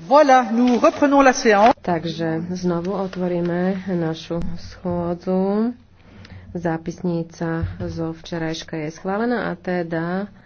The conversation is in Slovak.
Voilà, nous reprenons la séance. Takže znovu otvoríme našu schôdzu. Zápisnica zo včerajška je schválená a teda